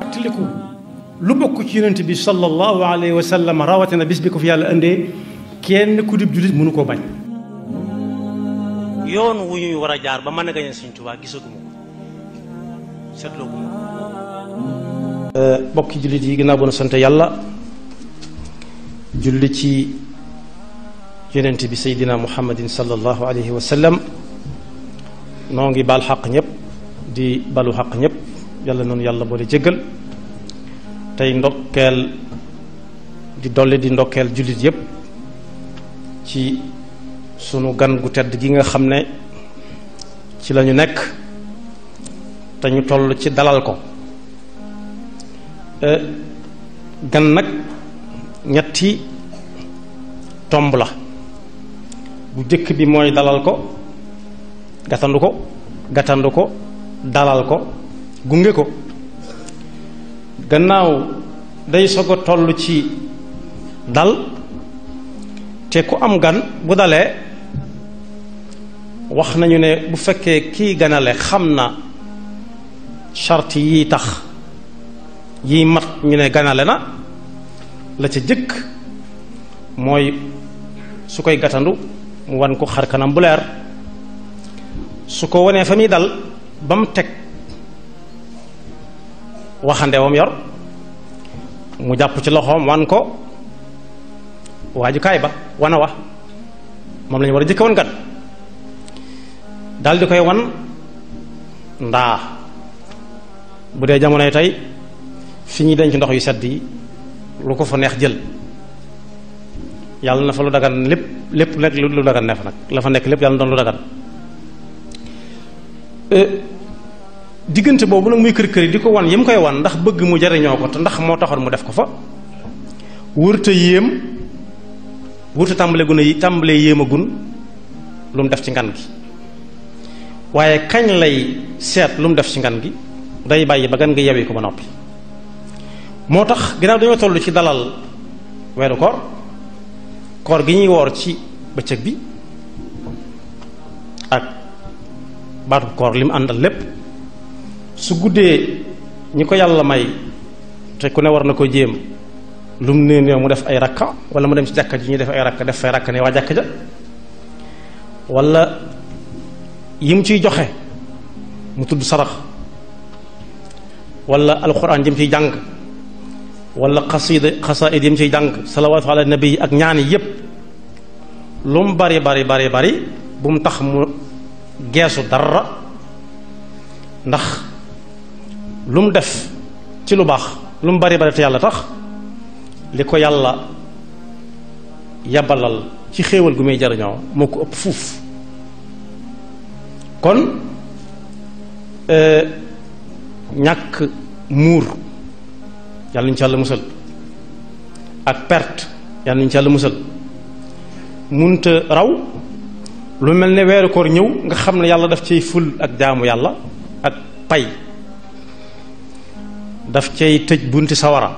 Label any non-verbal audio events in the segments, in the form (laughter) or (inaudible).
fàttaliku lu bokk ci yonent bi sallallahu alayhi wa sallam rawatina bis bi ko fi yàlla indee kenn ku dib jullit mënu koo bañ. yoon wu ñuy war a jaar ba mën a gañe Sëñ Tuubaa gisaguma ko seetlooguma ko. bokki jullit yi ginnaaw ba nu sant yàlla julli ci yonent bi Seydina Muhammadin sallallahu alayhi wa sallam noo ngi baal xaq ñëpp di balu xaq ñëpp. yàlla noonu yàlla boole jéggal tey ndokkeel di dolli di ndokkeel jullit yépp ci sunu gan gu tedd gi nga xam ne ci lañu nekk dañu ñu toll ci dalal ko eh, gan nag ñetti tomb la bu jëkk bi mooy dalal ko gatandu ko gatandu ko dalal ko gunge ko gannaaw day soog a tollu ci dal te ku am gan bu dalee wax nañu ne bu fekkee kii ganale xam na charte yii tax yii mat ñu ne ganale na la ca jëkk mooy su koy gatandu mu wan ko xar kanam bu leer su ko wanee fa muy dal ba mu teg waxande wam yor mu japp ci loxom wan ko kay ba wana wa mom lañu wara jikko won wan gan dal di koy wan nda budé jamono tay fiñi fi ñuy denc ndox yu lip lu ko fa neex jël yalla na fa lu dagan lepp lepp nag lu dagan ne nak la fa nek lepp yalla don lu dagan euh, diggante boobu nag muy kër kër yi di ko wan yi mu koy wan ndax bëgg mu jariñoo ko te ndax moo taxoon mu def ko fa wërta yéem wërta tàmbale gun a tàmbalee yéem a gun lu mu def ci ngan gi waaye kañ lay seet lu mu def ci ngan gi day bàyyi ba gan nga yewi ko ba noppi moo tax ginnaaw dañoo toll ci dalal weeru koor koor gi ñuy woor ci bëccëg bi ak baatu koor li mu àndal lépp su guddee ñi ko yàlla may te ku ne war na ko jéem lu mu nee mu def ay rakka wala mu dem ci jàkka ji ñu def ay rakka def fay rakka ne waa jàkka ja wala yi mu joxe mu tudd sarax wala alquran jëm ciy jàng wala xasida xasaid yim ciy jàng salawaatu ala nabi ak ñaani yépp lu bari bari bari bari bu tax mu geesu dara ndax lum def ci lu bax lum bari bari ta yàlla tax liko yàlla yabalal ci xewal gu may jarño moko upp fuf kon euh ñak mur yàlla ñu ci yàlla musal ak perte yàlla ñu ci yàlla musal munta raw lu melne wéru kor ñëw nga xamne yàlla daf ci ful ak daamu yàlla ak pay daf cay tëj bunti sawara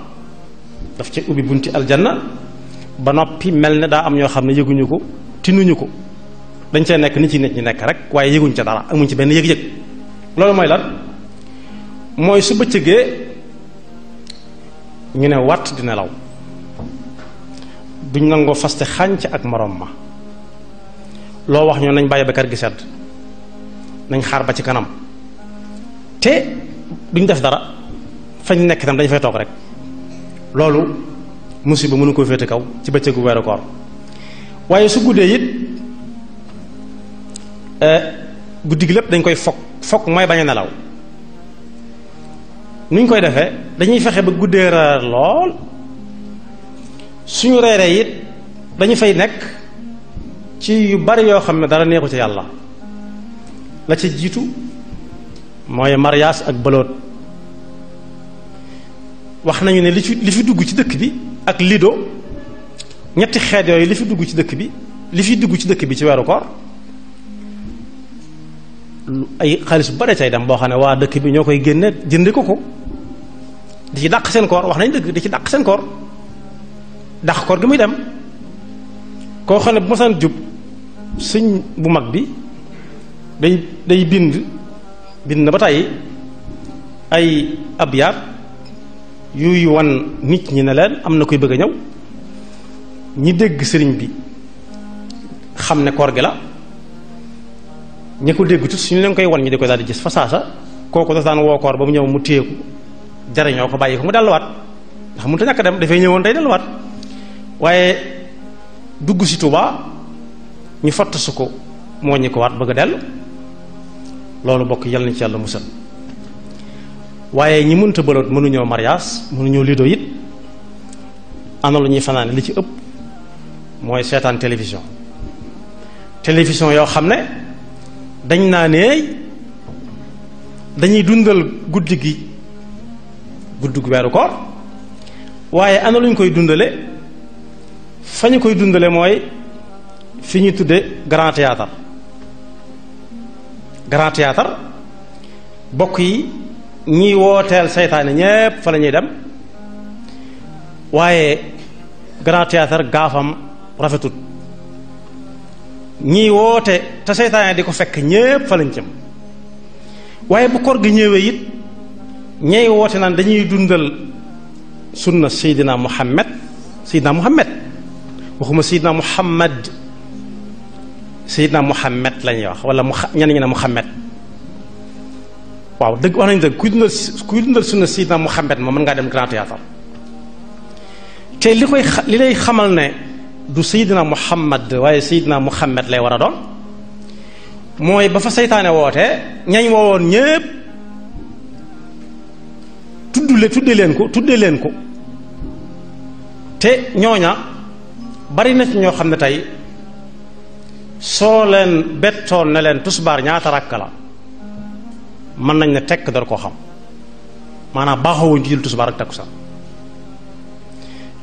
daf cay ubbi bunti aljanna ba noppi mel ne daa am ñoo xam ne yëguñu ko tinuñu ko dañ cee nekk nit ci nit ñi nekk rek waaye yëguñ ca dara amuñ ci benn yëg-yëg loolu mooy lan mooy su bëccëgee ñu ne wàtt di nelaw duñ nangoo faste xànc ak moroom ma loo wax ñoo nañ bàyyi ba kër gi sedd nañ xaar ba ci kanam te duñ def dara fañ nekk itam dañ fay toog rek loolu musiba mënu koo féete kaw ci bëccëgu weeru koor waaye su guddee it eh, guddi lépp dañ koy fokk fokk mooy bañ a nelaw nuñ koy defee dañuy fexe ba guddee reer lool suñu reeree it dañu fay nekk ci yu bari yoo xam ne dara neexu ci yàlla la ca jiitu mooy mariage ak bëloot wax nañu ne li fi li fi dugg ci dëkk bi ak lido ñetti xeet yooyu li fi dugg ci dëkk bi li fi dugg ci dëkk bi ci weeru koor ay xaalis bu bare cay dem boo xam ne waa dëkk bi ñoo koy génne jënd ko ko di ci dàq seen koor wax nañ dëgg di ci dàq seen koor dàq koor gi muy dem koo xam ne bu ma saan jub sëñ bu mag bi day day bind bind na ba tàyyi ay abyaat yuy wan nit ñi ne leen am na koy bëgg a ñëw ñi dégg sëriñ bi xam ne koor gi la ñi ko dégg tut suñu leen koy wan ñi di koy daal di gis fa saasa kooku dafa daan woo koor ba mu ñëw mu téyeeku jariñoo ko bàyyi ko mu delluwaat ndax mënut a ñàkk dem dafay ñëwoon day delluwaat waaye dugg si Tuuba ñu fatt ko moo ñi ko waat bëgg a dellu loolu bokk yal na ci yàlla musal waaye ñi mënta bëloot mënuñoo mariage mënuñoo lido it ana lu ñuy fanaane li ci ëpp mooy seetaan télévision télévision yoo xam ne dañ naa ne dañuy dundal guddi gi guddi gu weeru koor waaye ana lu ñu koy dundale fa ñu koy dundale mooy fi ñu tudde grand théâtre grand bokk yi ñiy wooteel seytaane ñépp fa la ñuy dem waaye grand théâtre gaafam rafetut ñiy woote te seytaane di ko fekk ñépp fa lañ jëm waaye bu koor gi ñëwee it ñay woote naan dañuy dundal sunna seydina muhammad seydina muhammad waxuma seydina muhammad seydina muhammad lañuy wax wala mu ñenn ñi ne waaw dëgg wax nañ dëgg kuy su kuy dundal sunna Seydina Muhammad ma mën ngaa dem Grand Théâtre te li koy li lay xamal ne du Seydina Muhammad waaye Seydina Muhammad lay war a doon mooy ba fa seytaane woote ñañ woowoon ñépp tuddule tudde leen ko tudde leen ko te ñooña bari na ci ñoo xam ne tey soo leen bettoon na leen tusbaar ñaata rakk la mën nañ ne tekk dara koo xam maanaam baaxoo wuñ ci jël tisbaar ak takkusaan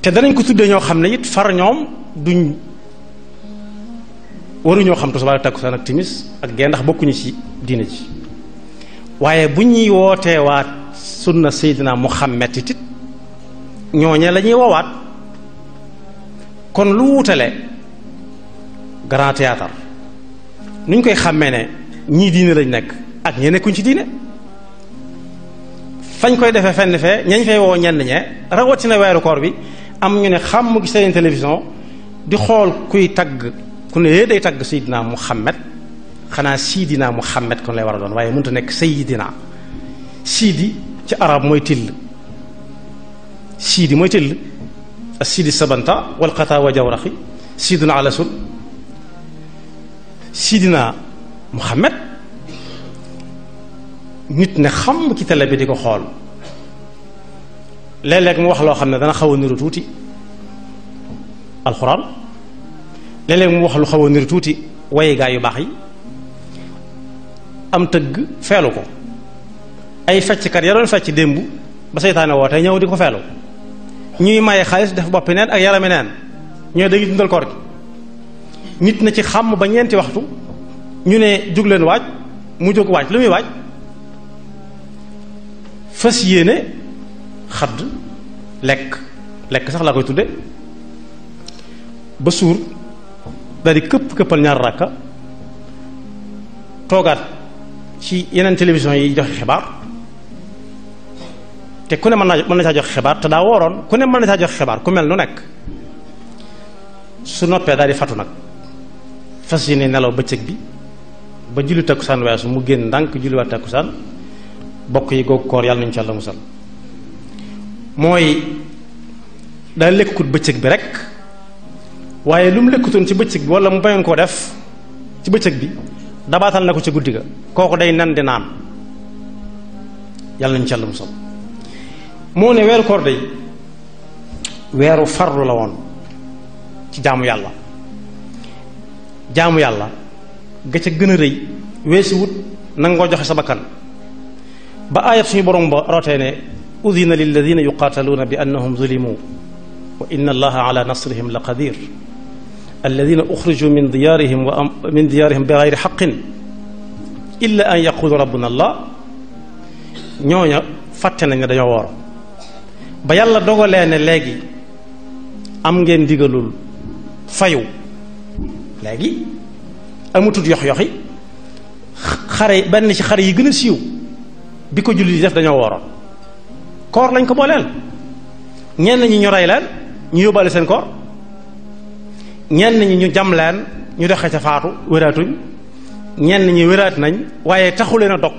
te danañ ko tuddee ñoo xam ne it far ñoom duñ waruñoo xam tisbaar ak takkusaan ak timis ak gee ndax bokkuñu ci diine ci waaye bu ñuy wootee waat sunna seydina Muhammad it ñooñe la lañuy woowaat kon lu wutale grand théâtre nuñ koy xàmmee ne ñii diine lañ nekk ak ñe nekkuñ ci diine fañ koy defé fenn fe ñañ fay wo ñen ñe rawati na wéru koor bi am ñu ne xàmm gi seen télévision di xol kuy tag ku ne day tag Seydina Muhammad xana Sidina Muhammad kon lay wara doon waye muñu nekk Seydina Sidi ci arab moy til Sidi moy til ak Sidi Sabanta wal Qataa wa Jawraxi Sidina Alasul Sidina Muhammad nit ne xam ki télé bi di ko xool léeg-léeg mu wax loo xam ne dana xaw a niru tuuti alxuraan léeg-léeg mu wax lu xaw a niru tuuti waye gaa yu baax yi am tëgg feelu ko ay fecc kat ya doon fecc démb ba seytaane woo tey ñëw di ko feelu ñuy maye xaalis def boppi neen ak yarami neen ñoo dañuy dundal koor gi nit na ci xam ba ñeenti waxtu ñu ne jóg leen waaj mu jóg waaj lu muy waaj fas khad lek lek sax la koy tudde ba suur daal di këpp këppal ñaar raka togat ci yenen télévision yi jox xibaar te ku ne mën naa mën na caa joxe xibaar ta da woron ku ne mën na caa joxe xibaar ku mel nu nek su noppé daal di fatu nak fas nelaw beccëk bi ba julli takusan wessu mu génn dank ndànk wat takusan bokk yi googu koor yàlla nañu ci yàlla musal mooy daa lekkut bëccëg bi rek waaye lu mu lekkutoon ci bëccëg bi wala mu bañoon koo def ci bëccëg bi dabaatal na ko ci guddi ga kooku day nan di naan yàlla nañu ci yàlla musal moo ne weeru koor day weeru farlu la woon ci jaamu yàlla jaamu yàlla ga ca gën a réy weesu wut nangoo joxe sa bakkan ba ayat suñu borom ba rote ne lil lilladina yuqataluna bi annahum zulimu wa inna allaha ala nasrihim la qadir alladina uxriju min diyarihim wa min diyarihim bi gayri xaqin illa an yaqulu rabbuna allah ñoña fàtte nañ dañu wor ba yàlla dogalee ne léegi am ngeen digelul fayu léegi amutut yox yoxi xare ben ci xare yi gëna siiw bi ko jullit yi def dañoo wooroon koor lañ ko booleel ñenn ñi ñu rey leen ñu yóbbaale seen koor ñenn ñi ñu jam leen ñu doxe ca faatu wéraatuñ ñenn ñi wéraat nañ waaye taxu leen a dog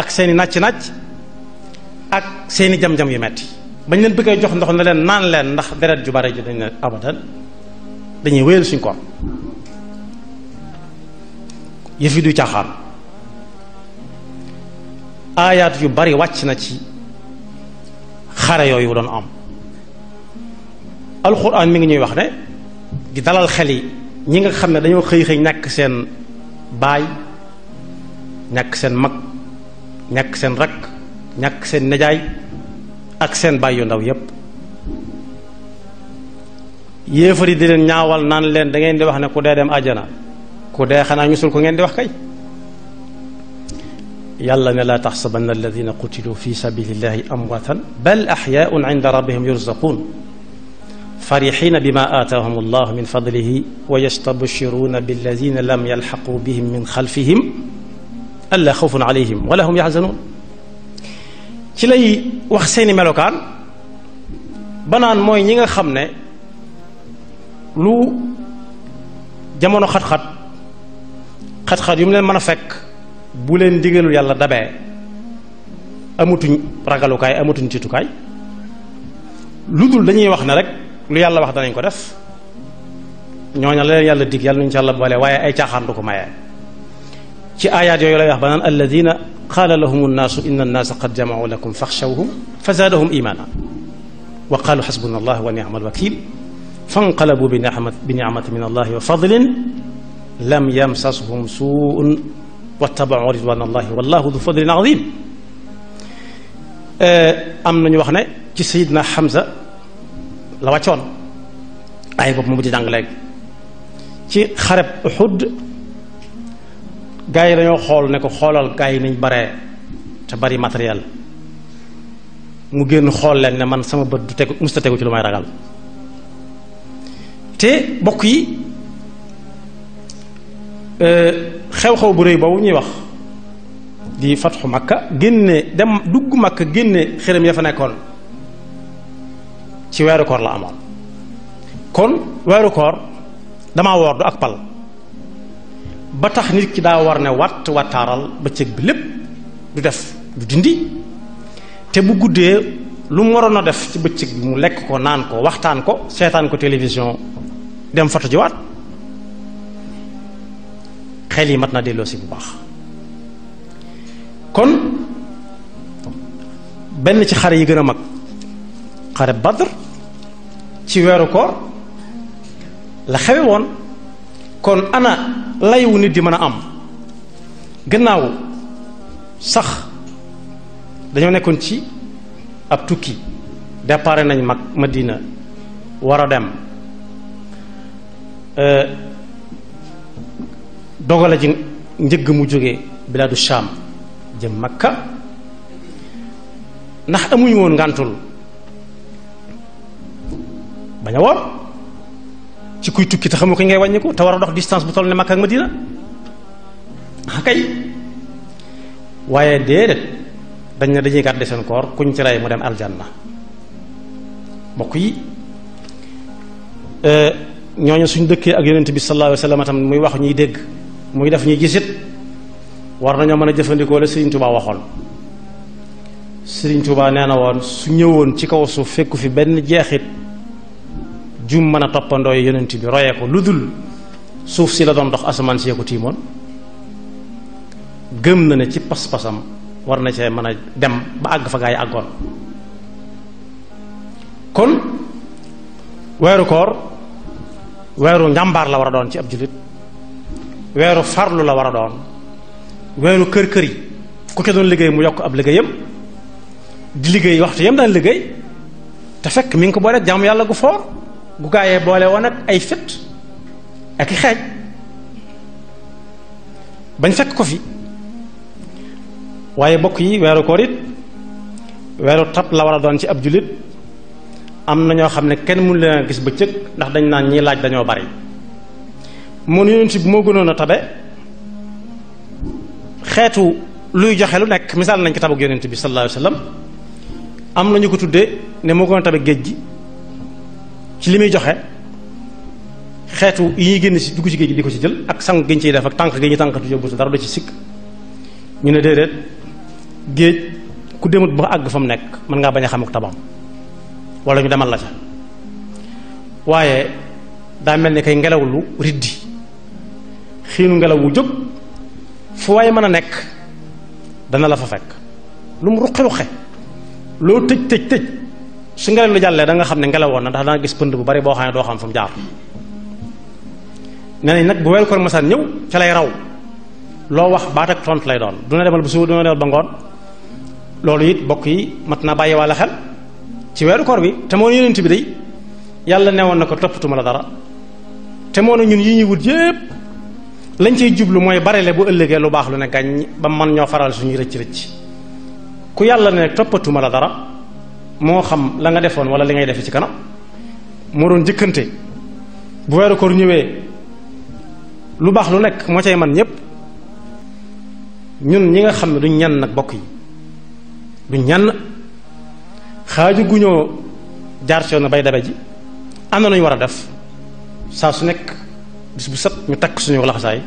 ak seeni nàcc-nàcc ak seeni jam-jam yu metti bañ leen bëggee jox ndox ne leen naan leen ndax deret ju bare ji dañ ne abadan dañuy wéyal suñ koor yëf yi du caaxaan aayaat yu bari wàcc na ci xare yooyu doon am alxuraan mi ngi ñuy wax ne di dalal xel yi ñi nga xam ne dañoo xëy xëy ñàkk seen baay ñàkk seen mag ñàkk seen rakk ñàkk seen nejaay ak seen baay yu ndaw yépp yéefar yi di leen ñaawal naan leen da ngeen di wax ne ku dee dem àjjana ku dee xanaa ñu sul ko ngeen di wax kay يلا لا تحسبن الذين قتلوا في سبيل الله أمواتا بل أحياء عند ربهم يرزقون فرحين بما آتاهم الله من فضله ويستبشرون بالذين لم يلحقوا بهم من خلفهم ألا خوف عليهم ولا هم يحزنون ci lay wax seeni melokaan ba naan mooy ñi nga xam ne lu jamono xat bu len digelu yàlla dabé amutuñ ragalu kay amutuñ ci tukay dul dañuy wax na rek lu yàlla wax dañ ko def ñoña la leen yàlla dig yàlla ñu ci yàlla boole waye ay caaxaan du ko maye. ci ayat yooyu lay wax banan alladhina qala qaala lahum nnaasu inna annaasa qad jama'u lakum fakhshawhum fazadahum imana wa qalu xasbuna allah wa ni'mal wakeel fanqalabu bi nicmat bi nicmati min allah wa fadlin lam yamsashum suun واتبعوا رضوان الله والله ذو فضل عظيم ام نيو واخني سي سيدنا حمزه لا واتون اي بوب مو دي دانغلي سي خرب احد غاي رانيو خول نكو خولال غاي ني باري تا باري ماتريال مو ген خول لين ني مان سما بد تيك مست تيكو سي لوماي راغال تي بوكي euh xew-xew bu rëy boobu ñuy wax di fatxu makka ginne dem dugg makka génne xërëm ya fa nekkoon ci weeru koor la amoon kon weeru koor damaa woor du ak pal ba tax nit ki daa war ne watt wattaaral bëccëg bi lépp du def du dindi bu lu mu waroon def ci bi mu ko naan ko waxtaan ko seetaan ko télévision dem fatu jiwaat xel yi mat naa delloo si bu baax kon benn ci xare yi gën a mag xare Badr ci weeru koor la xewe woon kon ana layu nit di mën a am gannaaw sax dañoo nekkoon ci ab tukki départ nañ mag Madina war a dem euh, dogale ji njëgg mu jógee bilaadu Shaam jëm Makka ndax amuñu woon ngàntul bañ a woor ci kuy tukki te xamoo ko ngay wàññiku te war a dox distance bu toll ne Makka ak Madina ah kay waaye déedéet dañ ne dañuy gàdde seen koor kuñ ci rey mu dem aljanna mbokk yi euh, ñooñu suñ dëkkee ak yonent bi sallallahu alayhi wa sallam muy wax ñuy dégg muy def ñi gisit war nañu mëna jëfëndiko le Serigne Touba waxoon Serigne Touba neena na su ñëwoon ci kaw su fekk fi ben jeexit jum mëna topando toppandoo yonent bi royé ko lu suuf si la doon dox asman si ya ko timon gëm na ne ci pas-pasam war na ci mëna dem ba ag fa gaay kon wéru koor wéru ñambar la war doon ci abdulit weeru farlu la war a doon weeru kër kër yi ku ca doon liggéey mu yokk ab liggéeyam di liggéey waxtu yam daan liggéey te fekk mi ngi ko boole ak jaamu yàlla gu foor gu gaayee boole woon ak ay fit ak i xeej bañ fekk ko fi waaye bokk yi weeru koor it weeru tab la war a doon ci ab jullit am na ñoo xam ne kenn mënu leen a gis bëccëg ndax dañ naan ñiy laaj dañoo bari moom yonent bi moo gënoon a tabe xeetu luy joxe lu nekk misaal nañ ko tabag yonent bi sallallahu alayhi wa sallam am nañu ko tuddee ne moo gënoon a tabe géej gi ci li muy joxe xeetu yi ñuy génn si dugg ci géej gi di ko ci jël ak sang gi ñu ciy def ak tànk gi ñu tànkatu yóbbu sa dara du ci sikk ñu ne déedéet géej ku demut ba àgg fa mu nekk mën ngaa bañ a xam ak walla ñu demal la ca waaye daa mel ni kay ngelaw lu riddi xiinu ngelaw wu jóg fu waay mën a nekk dana la fa fekk lu mu ruqe ruqe loo tëj tëj tëj su ngelaw lu jàllee danga xam ne ngelawoon na ndax danga gis pënd bu bari boo xam ne doo xam fu jaar nee nañ nag bu weeru koor masaan ñëw ca lay raw loo wax baat ak lay doon duna demal bu suba duna demal ba ngoon loolu it bokk yi mat naa bàyyi wàlla xel ci weeru kor bi te moo ne yonent bi day yàlla newoon na ko toppatuma la dara te moo ne ñun yi ñuy lañ cey jublu mooy barele bu ëllëgee lu baax lu ne gàññ ba man ñoo faral suñuy rëcc rëcc ku yàlla ne toppatuma la dara moo xam la nga defoon wala li ngay defe ci kanam moo doon jëkkante bu weeru koor ñëwee lu baax lu nekk moo cay man ñépp ñun ñi nga xam ne duñ ñan nag bokk yi duñ ñan xaaju guñoo jaar ci yoon bay dabe ji am na ñu war a def saa su nekk bis bu set ñu takk suñu laxasaay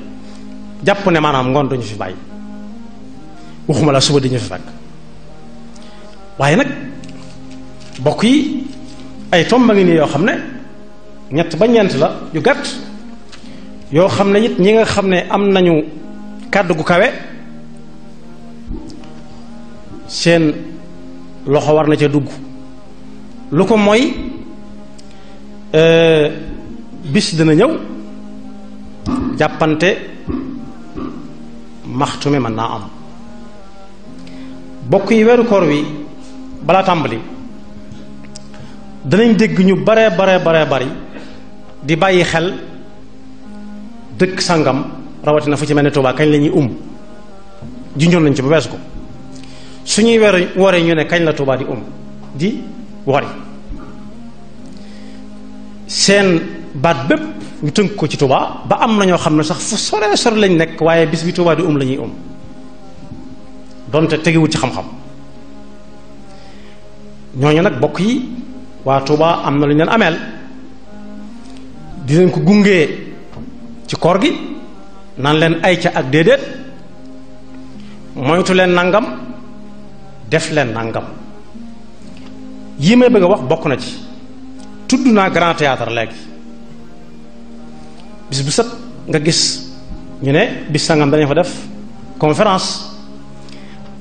jàpp ne maanaam ngoon duñu fi bàyyi waxuma la suba di ñu fi fekk waaye nag bokk yi ay tomba ngi nii yoo xam ne ñett ba ñeent la yu gàtt yoo xam ne it ñi nga xam ne am nañu kàdd gu kawe seen loxo war na ca dugg lu ko mooy euh, bis dina ñëw jàppante maxtume mën naa am bokk yi weeru koor wi balaa tàmbali danañ dégg ñu bare bare bare bari di bàyyi xel dëkk sangam rawatina fu ci mel ne Tuubaa kañ la ñuy um junjoon nañ ci ba weesu ko suñuy weeru wooree ñu ne kañ la Tuubaa di um di wori seen baat bépp ñu tënk ko ci Touba ba am na ñoo xam ne sax fu sore sore lañ nekk waaye bis bi Touba di um la ñuy um donte tegewul ci xam-xam ñooñu nag bokk yi waa Touba am na lu ñu leen ameel dinañ ko gungee ci koor gi naan leen ay ca ak déedéet moytu leen nangam def leen nangam yi may bëgg a wax bokk na ci tudd naa grand théâtre léegi bis bu sët nga gis ñu ne bis sangam dañu fa def conférence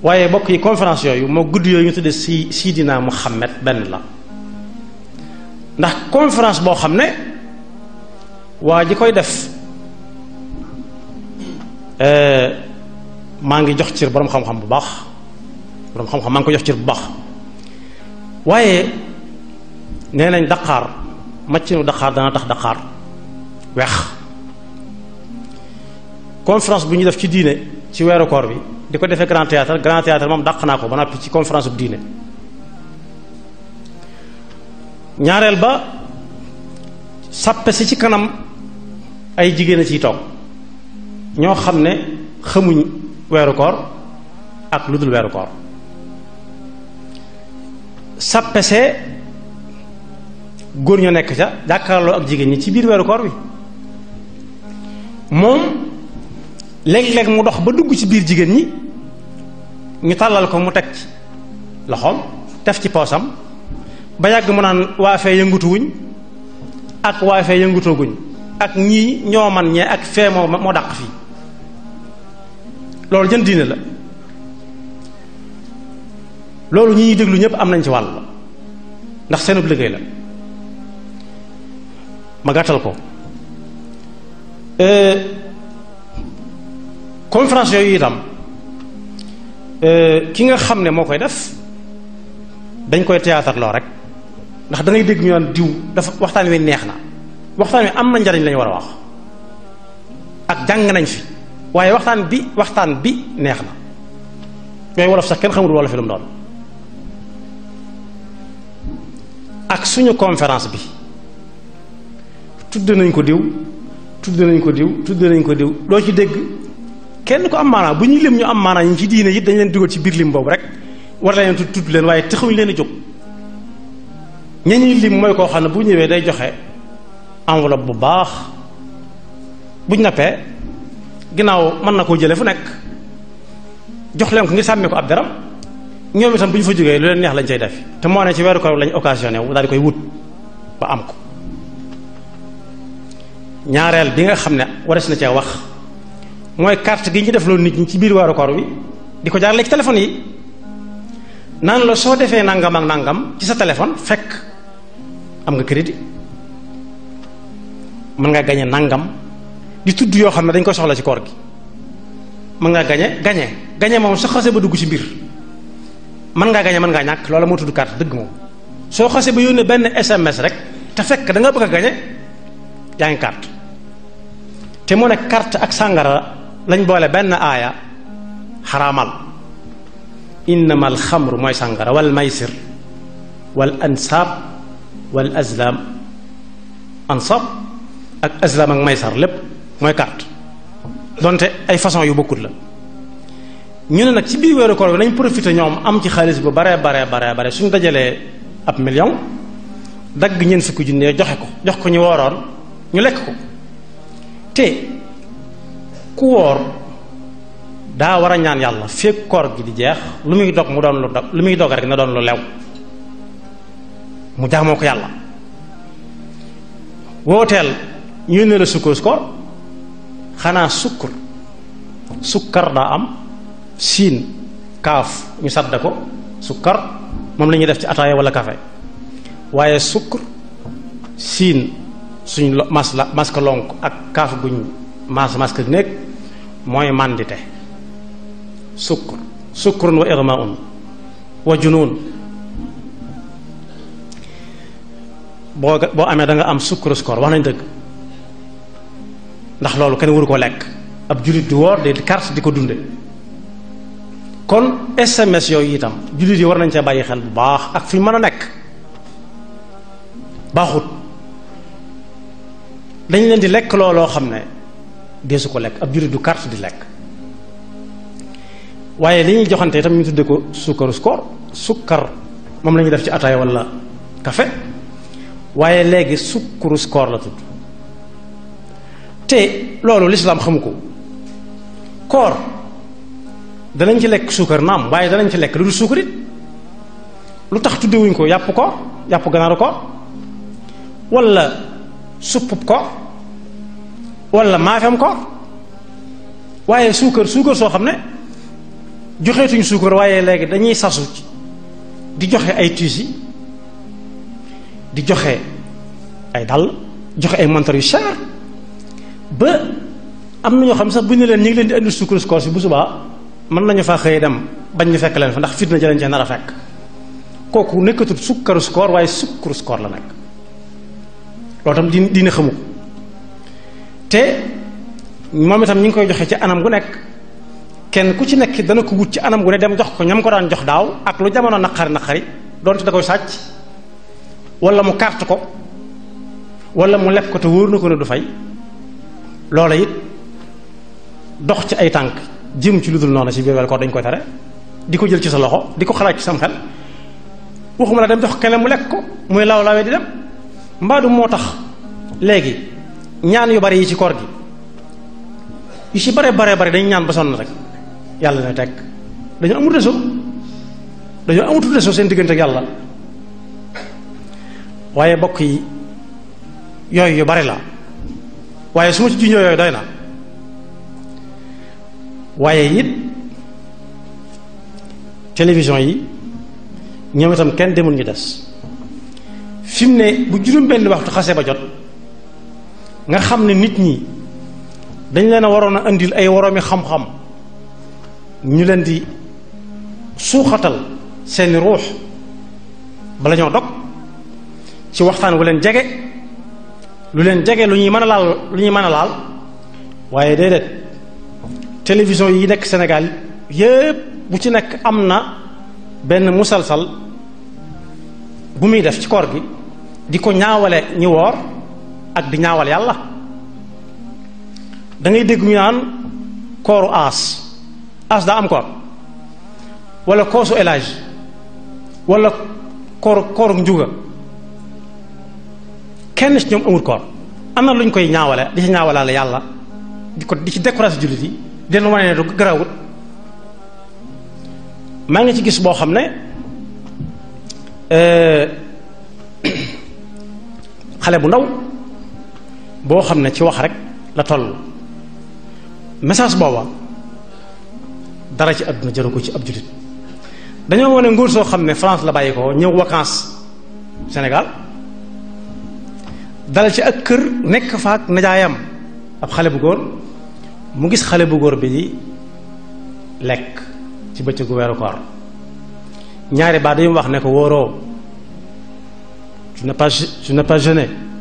waaye bokk yi conférence yooyu moo gudd yooyu ñu tudde si Sidina Muhammad benn la ndax conférence boo xam ne waa ji koy def euh, maa ngi jox cir borom xam-xam bu baax borom xam-xam maa ngi ko jox cir bu baax waaye nee nañ daqaar maccinu daqaar dana tax daqaar weex conférence bu ñu def ci diine ci weeru koor bi di ko defee grand théâtre grand théâtre moom dàq naa ko ba noppi ci conférence bu diine ñaareel ba sàppe si ci kanam ay jigéen a ciy toog ñoo xam ne xamuñ weeru koor ak lu weeru koor sàppe see góor ña nekk ca jàkkaarloo ak jigéen ñi ci biir weeru koor bi moom léeg-léeg mu dox ba dugg ci biir jigéen ñi ñu tàllal ko mu teg ci loxoom def ci poosam ba yàgg mu naan waa fee yëngutuwuñ ak waa yëngutooguñ ak ñii ñoo ñee ak fee moo moo dàq fii loolu jën diine la loolu ñi ñuy déglu ñëpp am nañ ci wàll ndax seenub liggéey la ma gàttal ko euh, conférence yoy itam euh ki nga xamne mo koy def dañ koy théâtre lo rek ndax da ngay dégg ñu naan diw dafa waxtaan wi neexna na waxtaan wi am na ndariñ lañu wara wax ak jàng nañ fi waye waxtaan bi waxtaan bi neexna ngay yooyu wolof sax kenn xamul wolof fi lu doon ak suñu conférence bi tudde nañ ko diw tudde nañ ko diw tudde nañ ko diw do ci dégg kenn ko am maanaa bu ñuy lim ñu am maanaa ñu ci diine it dañ leen dugal ci biir lim boobu rek war leen tudd tudd leen waaye taxuñ leen a jóg ña ñuy lim mooy koo xam ne bu ñëwee day joxe enveloppe bu baax buñ nappee ginnaaw mën na koo jëlee fu nekk jox leen ko ngir ko ab daram ñoom itam bu ñu fa jógee lu leen neex lañ cay def te moo ne ci weeru koor lañ occasionné wu daal di koy wut ba am ko ñaareel bi nga xam ne warees na cee wax. moy carte gi ñu def lo nit ñi ci biir waaru koor wi diko jaar lek ci téléphone yi nan la so defé nangam ak nangam ci sa téléphone fekk am nga crédit man nga gañe nangam di tuddu yo xam dañ ko soxla ci koor gi man nga gañe gañe gañe mom sa xasse ba dugg ci biir man nga gañe man nga ñak loolu mo tuddu carte deug moom so xasse ba yone ben SMS rek ta fekk da nga bëgg a ya yaa ngi carte té mo ne carte ak sangara lañ boole benn aaya xaraamal innama alxamru mooy sàngara wal maysir wal ansab wal azlam ansab ak azlam ak maysar lépp mooy carte donte ay façon yu bokkut la ñu ne nag ci biir weeru koor bi nañ profité ñoom am ci xaalis bu bare bare bare bare suñ dajalee ab million dagg ñeent fukki junne joxe ko jox ko ñu wooroon ñu lekk ko te ku da wara Allah ñaan yalla fekk koor gi di jeex lu muy dog mu doon lu dog lu muy dog rek na doon lu lew mu jaamoo ko yalla wotel ñu ne la sukkur koor xana sukkur sukkar da am sin kaf ñu sadda ko sukkar mom lañu def ci wala kafe waye sukkur sin, suñ masla maska lonk ak kaf guñ mas maska nek mooy màndite sukkur sukkurun wa irmaun wa junuun boo boo amee danga am sukkuru score wax nañ dëgg ndax loolu kenn waru ko lekk ab jullit di woor di carte di ko dunde kon SMS yooyu itam jullit yi war nañ cee bàyyi xel bu baax ak fi mën a nekk baaxut dañ leen di lekk looloo xam ne deesu ko lekk ab jullit du carte di lekk waaye li ñuy joxante itam ñu tudde ko sukkaru koor sukkar moom lañuy def ci ataay wala café waaye léegi sukkaru koor la tudd te loolu lislaam xamu ko koor danañ ci lekk suukar naam waaye danañ ci lekk lu dul suukar lu tax tuddewuñ ko yàpp koor yàpp ganaaru koor walla suppub koor wala maafem ko waaye suukar suukar soo xam ne joxeetuñ suukar waaye léegi dañuy sasu ci di joxe ay tusi di joxe ay dal joxe ay montar yu cher ba am na ñoo xam sax bu ñu leen ñu ngi leen di indi suukar koor si bu subaa mën nañu faa xëy dem bañ ñu fekk leen fa ndax fitna jëleen ci nar a fekk kooku nekkatul sukkaru koor waaye sukkaru koor la nag loolu tam di dina xamu ko te moom itam ñu ngi koy joxe ci anam gu nekk kenn ku ci nekk dana ko wut ci anam gu ne dem jox ko ñam ko daan jox daaw ak lu jamono naqari naqari donte da koy sàcc wala mu carte ko wala mu leb ko te na ko ne du fay loola it dox ci ay tànk jëm ci lu dul noonu ko dañ koy tere di ko jël ci sa loxo di ko xalaat ci sam xel waxuma la dem jox keneen mu lekk ko muy law di dem mbaadu moo tax léegi ñaan yu bari yi ci koor gi yu ci bare bare bari dañu ñaan ba sonn rek yàlla na tekk dañoo amut réseau dañoo amut réseau seen diggante ak yàlla waaye bokk yi yooyu yu bari la waaye su ma ci junjoo yooyu doy na waaye it télévision yi ñoom itam kenn demul ñu des fi ne bu juróom benn waxtu xase ba jot nga xamne nit ñi dañ leena warona andil ay woromi xam-xam ñu leen di suxatal seen ruh ba lañu dog ci waxtaan wu leen jege lu leen jege lu ñuy mëna laal lu ñuy mëna laal waye dedet télévision yi nek Sénégal yépp bu ci nek amna ben musalsal bu muy def ci koor gi di ko ñaawale ñi woor ak di ñaawal yàlla dangay ngay dégg ñu naan kooru aas aas daa am koor wala koosu élage wala kooru kooru njuga kenn ci ñoom amul koor am na lu ñu koy ñaawale di ci ñaawalaale yàlla di ko di ci décourage jullit yi di leen du garawut maa ngi ci gis boo xam ne euh, (coughs) xale bu ndaw boo xam ne ci wax rek la toll message booba dara ci àdduna jëru ko ci ab jullit dañoo wane nguur soo xam ne France la bàyyi ko ñëw vacances Sénégal dal ci ak kër nekk fa ak najaayam ab xale bu góor mu gis xale bu góor bi yi lekk ci bëccëgu weeru koor ñaari baat yi wax ne ko wóoroo tu n'es pas tu n'es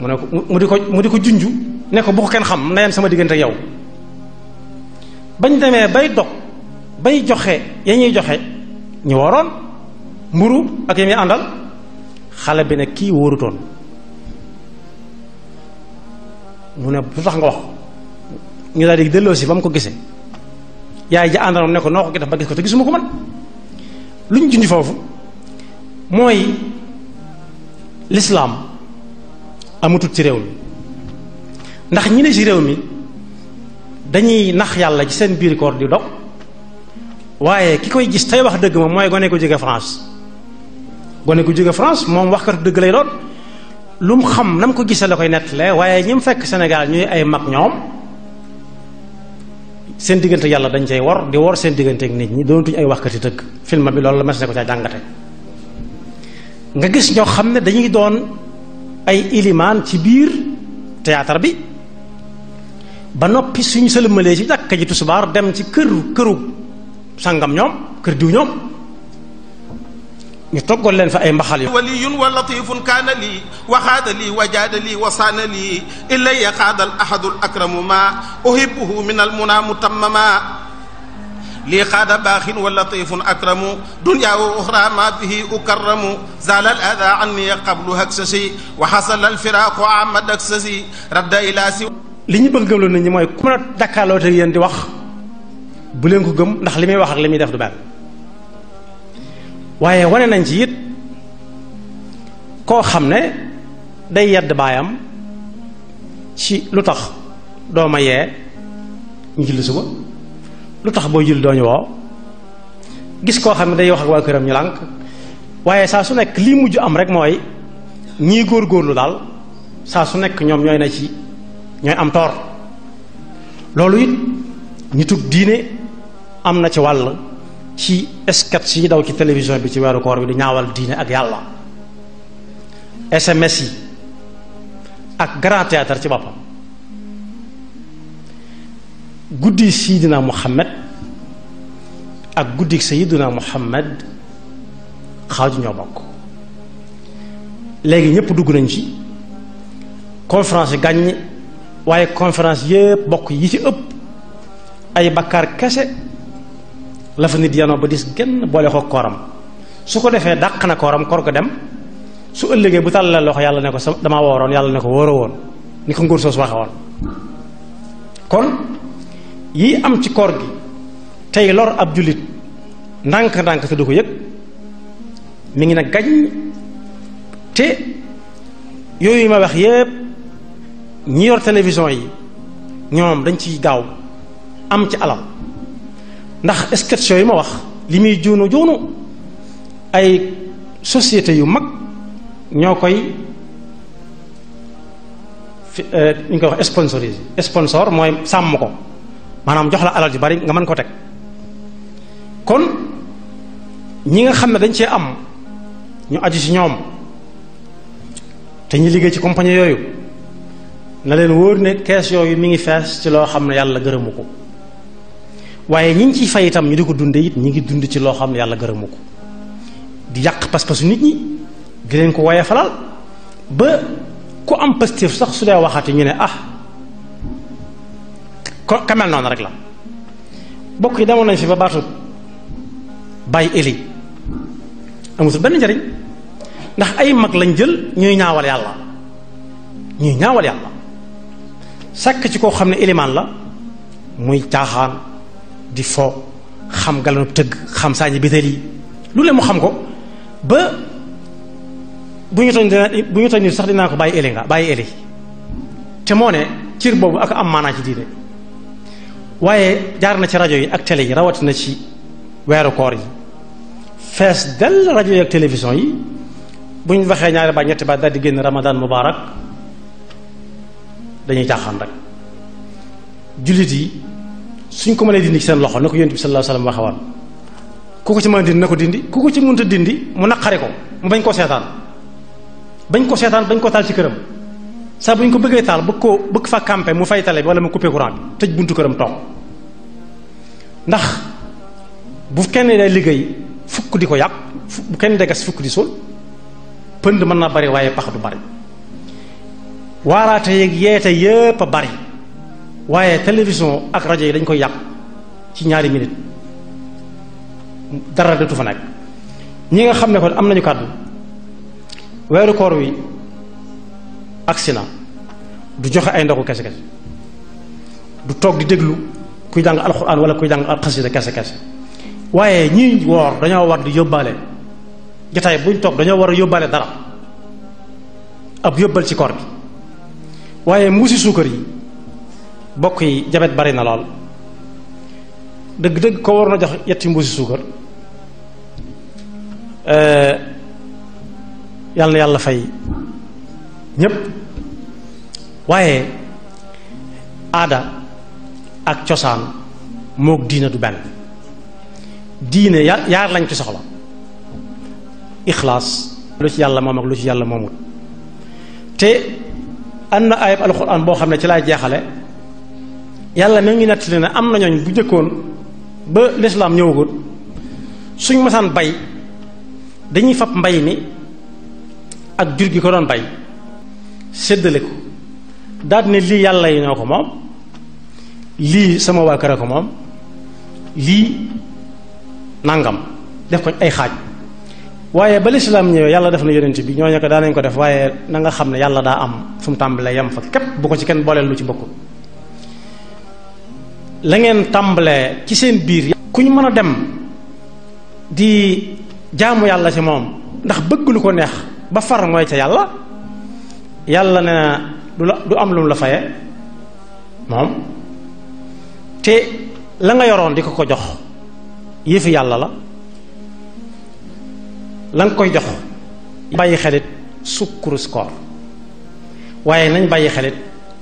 mu ne ko mu di ko mu di ko junju ne ko bu ko kenn xam na yem sama diggante ak yow bañ demee bay dog bay joxe ya ñuy joxe ñu waroon mburu ak ya muy àndal xale bi ne kii wóorutoon mu ne lu tax nga wax ñu daal di delloo ba mu ko gisee yaay ja àndaloon ne ko noo ko gi def ba gis ko te gisuma ko man lu ñu junj foofu mooy lislaam amatul ci réew mi ndax ñi ne ci réew mi dañuy nax yàlla ci seen biir koor di dog waaye ki koy gis tey wax dëgg moom mooy gone ko jóge France gone ko jóge France moom wax katu dëgg lay doon lu mu xam na mu ko gisee la koy nettalee waaye ñi mu fekk Sénégal ñuy ay mag ñoom seen diggante yàlla dañ cay wor di wor seen diggante ak nit ñi doonutuñ ay wax waxkati dëgg film bi loolu la mas ne ko caa jàngate nga gis ñoo xam ne dañuy doon ay ilimaan ci biir théâtre bi ba noppi suñu sëlmalee ci jàkka ji tusubaar dem ci këru këru sàngam ñoom kër diw ñoom ñu toggal leen fa ay mbaxal yu waliyun wa latifun kaana lii wa xaada lii wa jaada lii wa saana lii ilaya xaada al ahadu al akramu min al muna لي قاد باخ ولطيف أكرم دنيا وأخرى ما به أكرم زال الأذى عني قبل هكسسي وحصل الفراق عام دكسسي رد إلى سوى li ñu bëggaloon nañu mooy ku mën a dakkaarloo te yéen di wax bu leen ko gëm ndax li muy wax ak li muy def du benn waaye wane nañ ci it koo xam ne day yedd baayam ci lu tax dooma yee ñu julli suba lu tax booy jul dooñu gis ko xamne day wax ak wa këram ñu lank waye sa su nek li muju am rek gor gor lu dal sa su nek ñom ñoy na ci ñoy am toor loolu it nitug diine am na ci wàll ci sketch ci daw ci télévision bi ci waru koor bi di ñaawal diine ak yalla sms yi ak grand théâtre ci bopam guddi Seydina Muhammad ak guddi Seydina Muhammad xaaju ñoo bokk léegi ñëpp dugg nañ ci conférence gàññ waaye conférence yëpp bokk yi ci ëpp ay bakkaar kese la fa nit yanoo ba dis genn boole ko kooram su ko defee dàq na kooram kor ko dem su ëllëgee bu tàllalee loxo yàlla ne ko sa damaa wooroon yàlla ne ko wóoroo woon ni ko ngóor soos waxe kon yi am ci koor gi tey lor ab jullit ndànk-ndànk te du ko yëg mi ngi nag gañ te yooyu ma wax yépp ñi yor télévision yi ñoom dañ ciy gaaw am ci alal ndax sketch yooyu ma wax li muy juunu juunu ay société yu mag ñoo koy fi euh, ñu koy wax sponsorisé sponsor mooy sàmm ko manam jox la alal ji bari nga man ko tek kon ñi nga xamne dañ ci am ñu aji ci ñom te ñi liggé ci compagnie yoyu na leen woor ne caisse yoyu mi ngi fess ci lo xamne yalla gëremuko waye ñi ngi fay itam ñu diko dundé it ñi ngi dund ci lo xamne yalla gëremuko di yàq pas pass nit ñi di leen ko waye falal ba ku am pastif sax su dee waxati ñu ne ah ko kamel noonu rek la bokk yi demoon nañ fi ba baatu bàyyi éli amusul benn njariñ ndax ay mag lañ jël ñuy ñaawal yàlla ñuy ñaawal yàlla sàkk ci koo xam ne élimaan la muy caaxaan di foo xam galanu tëgg xam saañi bitéel yi lu leen mu xam ko ba bu ñu toñ dina bu ñu toñ sax dinaa ko bàyyi éli nga bàyyi éli te moo ne cir boobu ak am maanaa ci diine waaye jaar na ci rajo yi ak télé yi rawatina ci weeru koor yi fees del rajo yi ak télévision yi bu ñu waxee ñaari baat ñetti baat daal di génn ramadan mubaarak dañuy caaxaan rek jullit yi suñ ko mënee dindi ci seen loxo na ko yonent bi sallallahu alayhi wasallam waxewoon ku ko ci mën a dindi na ko dindi ku ko ci mënta dindi mu naqare ko mu bañ koo seetaan bañ ko seetaan bañ koo taal ci këram sax bu ñu ko bëggee taal bëgg koo bëgg fa campé mu fay tale bi wala mu coupé courant bi tëj buntu këram toog ndax bu kenn day liggéey fukk di ko yàq bu kenn day si fukk di sol pënd mën naa bari waaye pax du bari waaraate yeeg yeete yépp bari waaye télévision ak rajo yi dañ koy yàq ci ñaari minute dara dootu fa nekk ñi nga xam ne kon am nañu kàddu weeru koor wi agsi na du joxe ay ndoxu kese du tok di deglu kuy jang alxuraan wala kuy jang alqasida kese kese waaye ñi wor dañoo war di yobale jotaay buñ tok dañoo war yobale dara ab yobal ci koor bi waaye musi sukkar yi bokk yi jabet bari na lol deug deug ko war jox yetti musi sukkar euh yalla yalla fay waaye aada ak cosaan mook diine du benn diine yaar lañ ci soxla ixlaas lu ci yàlla moom ak lu ci yàlla moomut te am na ayab alxuraan boo xam ne ci laay jeexale yàlla mi ngi nettali ne am na ñooñ bu jëkkoon ba lislaam ñëwagul suñ masaan bay dañuy fab mbay mi ak jur gi ko doon bay séddale ko daal ne lii yàlla yi ñoo ko moom lii sama waa kër a ko moom lii nangam def ko ay xaaj waaye ba lislaam ñëwee yàlla def na yonent bi ñooñu ko daanañ ko def waaye na nga xam ne yàlla daa am fu tàmbalee yam fa képp bu ko ci kenn booleel lu ci bokkul la ngeen tàmbalee ci seen biir ku ñu mën a dem di jaamu yàlla si moom ndax bëgg lu ko neex ba far mooy ca yàlla yàlla ne du la du am lu mu la faye moom te la nga yoroon di ko ko jox yëfi yàlla la la nga koy jox bàyyi xelit sukkuru koor waaye nañ bàyyi xelit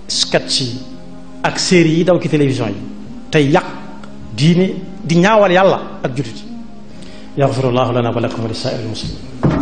sketch yi ak série yi daw ci télévision yi tey yàq diine di ñaawal yàlla ak judditi yaxfirullahu lana wa lakum wa li saa'iril muslimin